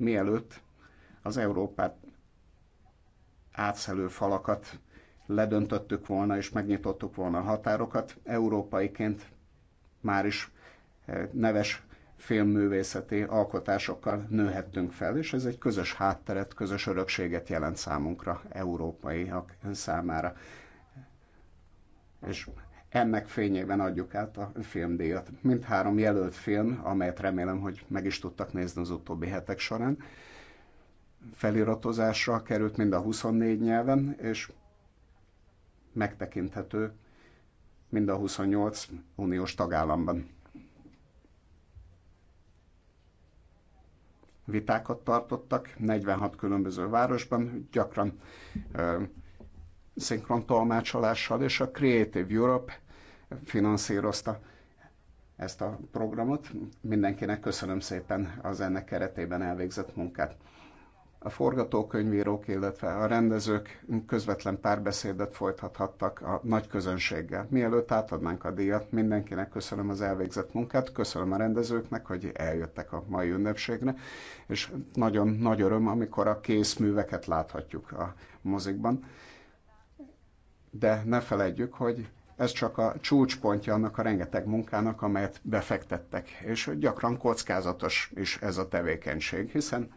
mielőtt az Európát átszelő falakat ledöntöttük volna és megnyitottuk volna a határokat. Európaiként már is eh, neves filmművészeti alkotásokkal nőhettünk fel, és ez egy közös hátteret, közös örökséget jelent számunkra, európaiak számára. És ennek fényében adjuk át a filmdíjat. Mint három jelölt film, amelyet remélem, hogy meg is tudtak nézni az utóbbi hetek során, feliratozásra került mind a 24 nyelven, és megtekinthető mind a 28 uniós tagállamban. Vitákat tartottak 46 különböző városban, gyakran ö, szinkron tolmácsolással, és a Creative Europe finanszírozta ezt a programot. Mindenkinek köszönöm szépen az ennek keretében elvégzett munkát. A forgatókönyvírók, illetve a rendezők közvetlen párbeszédet folytathattak a nagy közönséggel. Mielőtt átadnánk a díjat, mindenkinek köszönöm az elvégzett munkát, köszönöm a rendezőknek, hogy eljöttek a mai ünnepségre, és nagyon nagy öröm, amikor a műveket láthatjuk a mozikban. De ne felejtjük, hogy ez csak a csúcspontja annak a rengeteg munkának, amelyet befektettek, és gyakran kockázatos is ez a tevékenység, hiszen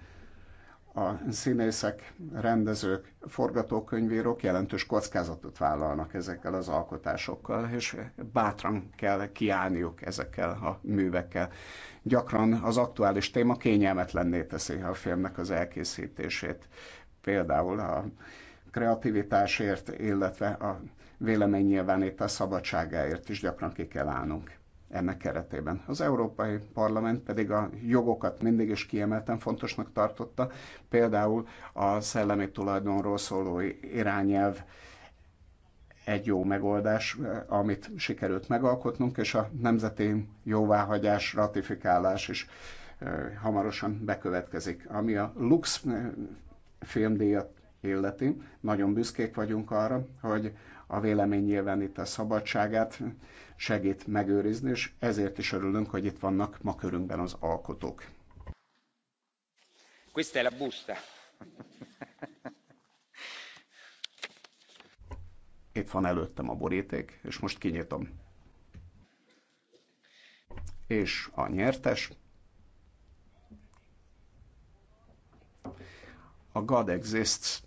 a színészek, rendezők, forgatókönyvírók jelentős kockázatot vállalnak ezekkel az alkotásokkal, és bátran kell kiállniuk ezekkel a művekkel. Gyakran az aktuális téma kényelmetlenné teszi a filmnek az elkészítését. Például a kreativitásért, illetve a véleménynyilvánítás szabadságáért is gyakran ki kell állnunk ennek keretében. Az Európai Parlament pedig a jogokat mindig is kiemelten fontosnak tartotta, például a szellemi tulajdonról szóló irányelv egy jó megoldás, amit sikerült megalkotnunk, és a nemzeti jóváhagyás, ratifikálás is hamarosan bekövetkezik. Ami a Lux filmdíjat illeti. Nagyon büszkék vagyunk arra, hogy a vélemény nyilván itt a szabadságát segít megőrizni, és ezért is örülünk, hogy itt vannak ma körünkben az alkotók. Questa è la busta. Itt van előttem a boríték, és most kinyitom. És a nyertes a God Exists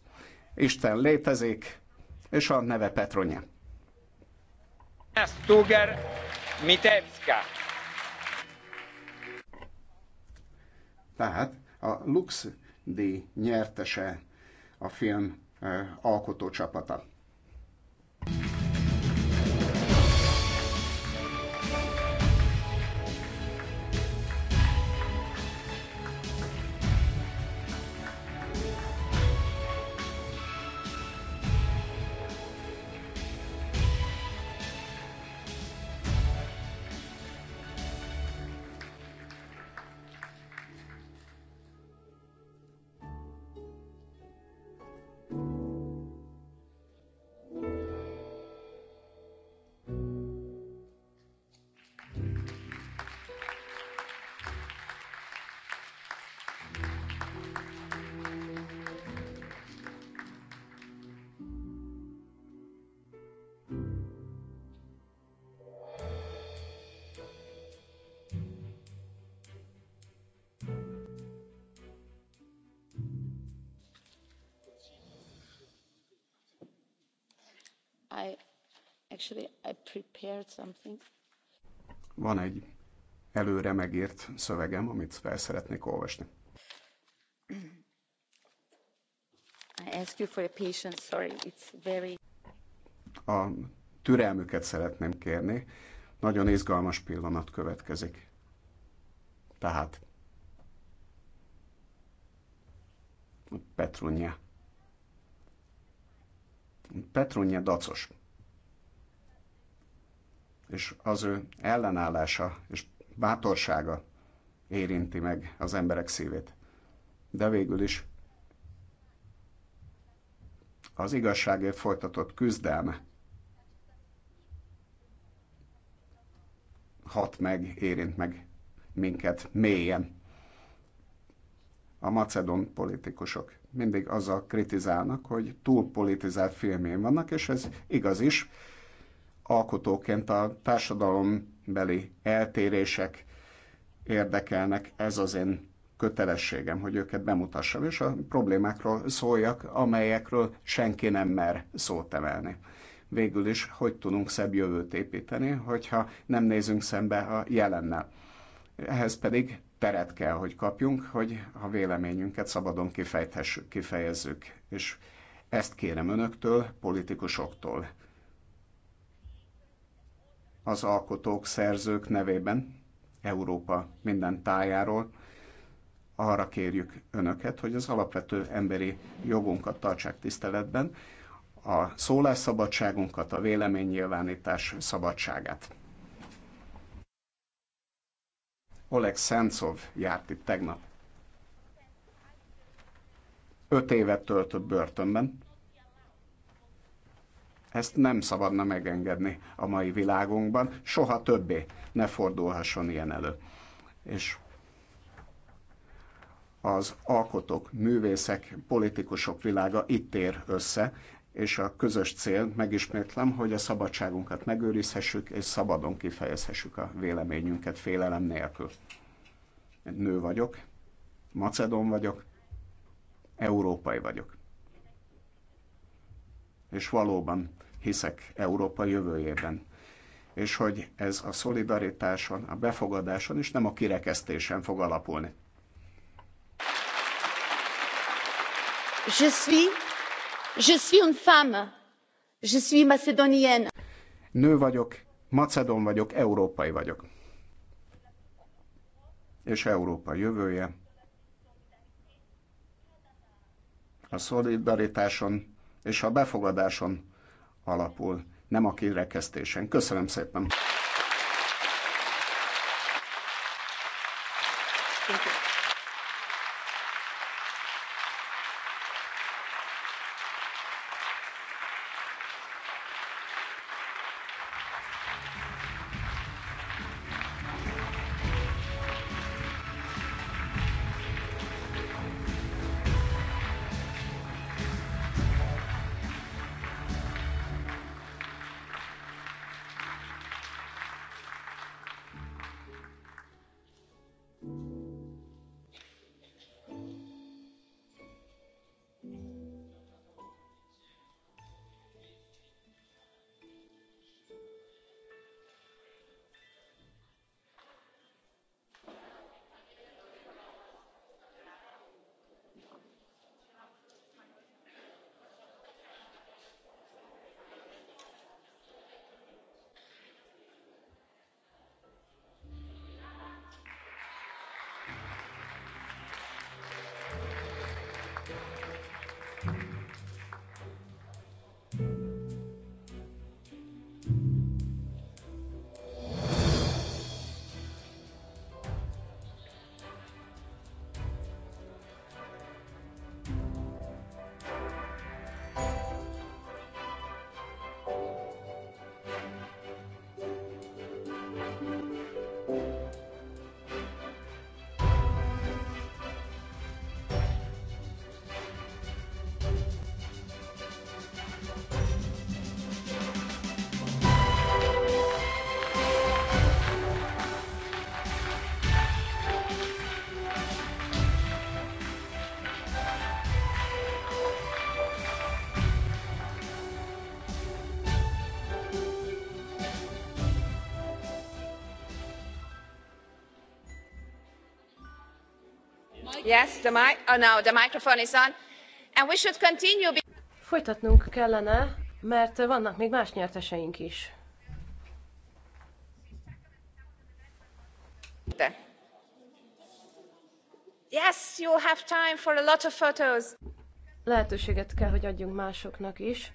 Isten létezik, és a neve Petronye. Stuger Mitevska. Tehát a Lux díj nyertese a film eh, alkotócsapata. I actually I prepared something. Van egy előre megírt szövegem, amit fel szeretnék olvasni. I ask you for a patience, sorry, it's very... A türelmüket szeretném kérni. Nagyon izgalmas pillanat következik. Tehát Petrunia. Petrunya dacos. És az ő ellenállása és bátorsága érinti meg az emberek szívét. De végül is az igazságért folytatott küzdelme hat meg, érint meg minket mélyen. A macedon politikusok mindig azzal kritizálnak, hogy túl politizált filmjén vannak, és ez igaz is. Alkotóként a társadalombeli eltérések érdekelnek, ez az én kötelességem, hogy őket bemutassam, és a problémákról szóljak, amelyekről senki nem mer szót emelni. Végül is, hogy tudunk szebb jövőt építeni, hogyha nem nézünk szembe a jelennel. Ehhez pedig teret kell, hogy kapjunk, hogy a véleményünket szabadon kifejthessük, kifejezzük. És ezt kérem önöktől, politikusoktól. Az alkotók, szerzők nevében Európa minden tájáról arra kérjük önöket, hogy az alapvető emberi jogunkat tartsák tiszteletben, a szólásszabadságunkat, a véleménynyilvánítás szabadságát. Oleg Szentszov járt itt tegnap. Öt évet töltött börtönben. Ezt nem szabadna megengedni a mai világunkban. Soha többé ne fordulhasson ilyen elő. És az alkotók, művészek, politikusok világa itt ér össze, és a közös cél, megismétlem, hogy a szabadságunkat megőrizhessük, és szabadon kifejezhessük a véleményünket félelem nélkül. Nő vagyok, macedon vagyok, európai vagyok. És valóban hiszek Európa jövőjében. És hogy ez a szolidaritáson, a befogadáson, és nem a kirekesztésen fog alapulni. Je suis Je suis une femme. Je suis macédonienne. Nő vagyok, macedon vagyok, európai vagyok. És Európa jövője a szolidaritáson és a befogadáson alapul, nem a kirekesztésen. Köszönöm szépen! Folytatnunk kellene, mert vannak még más nyerteseink is. De. Yes, you have time for a lot of photos. Lehetőséget kell, hogy adjunk másoknak is.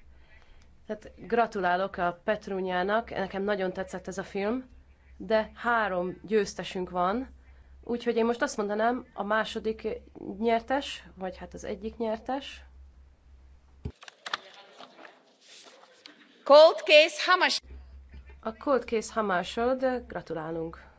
Tehát gratulálok a Petrunyának, nekem nagyon tetszett ez a film, de három győztesünk van Úgyhogy én most azt mondanám, a második nyertes, vagy hát az egyik nyertes. Cold case Hamas. A Cold case Hamasod, gratulálunk.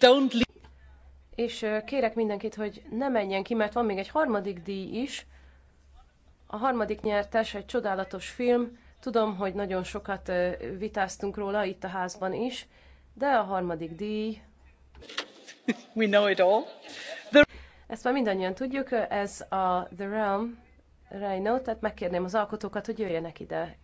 don't leave. És kérek mindenkit, hogy ne menjen ki, mert van még egy harmadik díj is. A harmadik nyertes egy csodálatos film. Tudom, hogy nagyon sokat vitáztunk róla itt a házban is, de a harmadik díj. We know it all. The... Ezt már mindannyian tudjuk, ez a The Realm Rhino, tehát megkérném az alkotókat, hogy jöjjenek ide.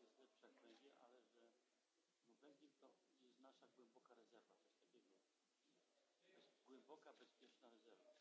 razie źle przekleje, ale że no Belgium to jest nasza głęboka rezerwa, coś takiego. Bez, głęboka, bezpieczna rezerwa.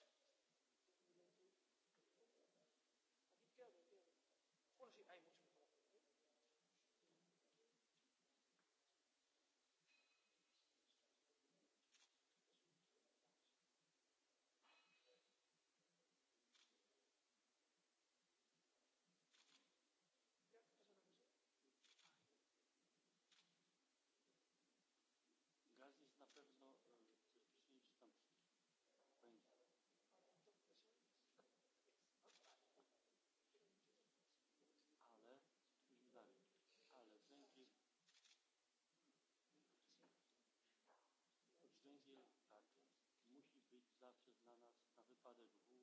przez na nas na wypadek e,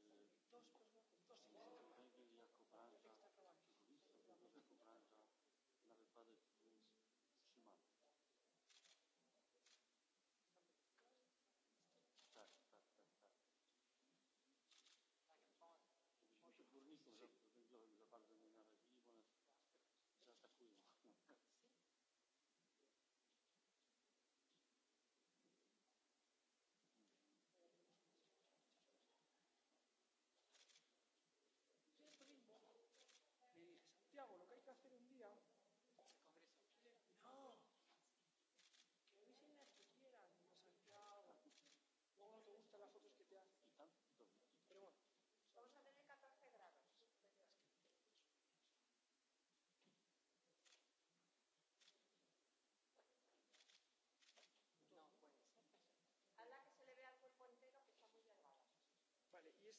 W węgiel jako branża, górnictwo jako branża na wypadek W.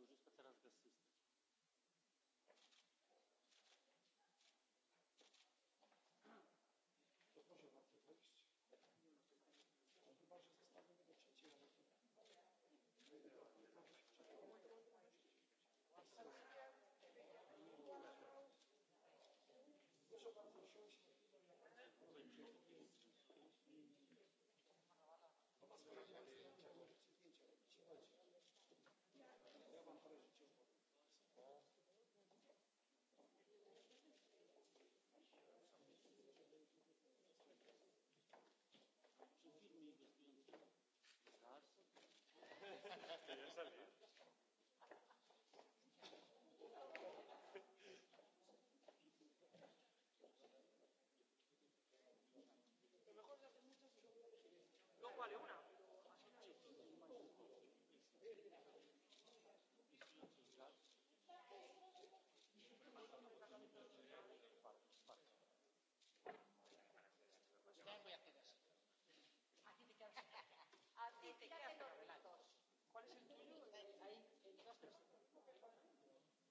tylko użyć to teraz bez systemu.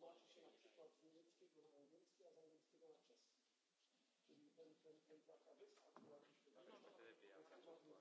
tłumaczy się na przykład z niemieckiego na angielski, a z angielskiego na czeski. Czyli ten, ten, ten taka wyspa, która jest na angielskiego.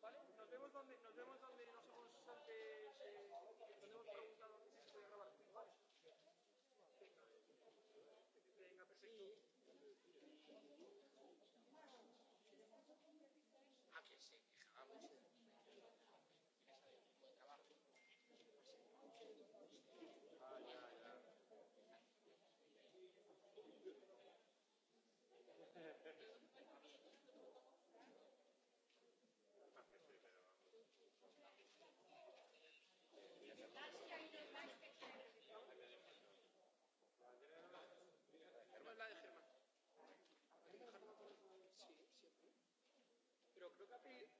Vale, nos vemos donde, nos vemos donde nos hemos antes, eh, donde hemos preguntado que se puede grabar. Vale. Venga, perfecto. Sí. ¿A que sí? lo capì